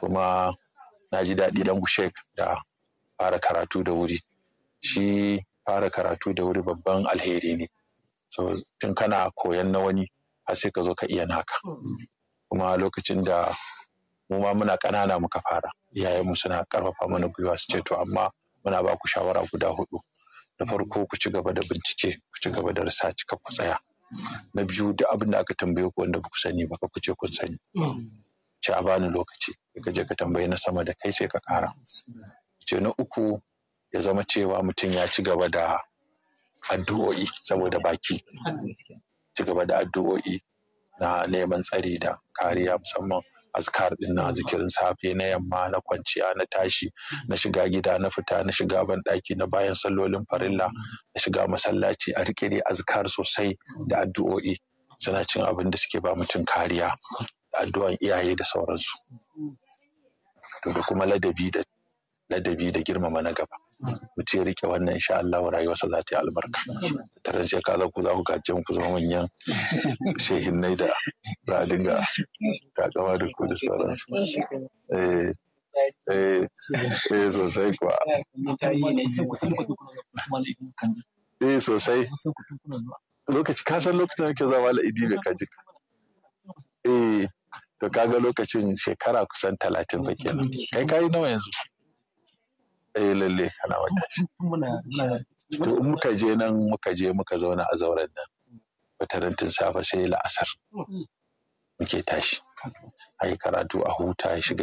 kuma na ji daɗi dan shek da fara karatu da wuri shi fara karatu da wuri babban alheri ne so tun kana koyan na wani har sai ka zo ka iya naka kuma lokacin da mu ma muna ƙanana muka fara iyayenmu suna ƙarfafa mana gwiwa su ce to amma muna ba ku shawara guda hudu na farko ku ci gaba da bincike ku ci gaba da research ku tsaya na biyu duk abin da aka tambaye ku wanda ba ku sani ba ka ku ce kun sani ce a bani lokaci ka je ka tambayi na sama da kai sai ka kara ce na uku ya zama cewa mutum ya ci gaba da addu'o'i saboda baki ci gaba da addu'o'i na neman tsari da kariya musamman azkar din na zikirin safe na yamma na kwanciya na tashi na shiga gida na fita na shiga ban na bayan sallolin farilla na shiga masallaci a rike azkar sosai da addu'o'i suna cin abin da suke ba mutum kariya addu'an iyaye da sauransu to da kuma ladabi da ladabi da girmama na gaba mutu ya rike wannan insha Allah wa rayuwarsa za ta yi albarka tare sai ka za ku za ku gaje ku zama manyan shehinnai da za a dinga takawa da ku da sauransu eh eh eh sosai kuwa eh sosai lokaci kasan lokacin da ke zama la'idi bai kaji eh to kaga lokacin shekara kusan talatin ba kenan kai kayi nawa yanzu eh lalle kana wata shi to in muka je nan muka je muka zauna a zauren nan watarantin safe sai la'asar mm. muke tashi a karatu a huta ya shiga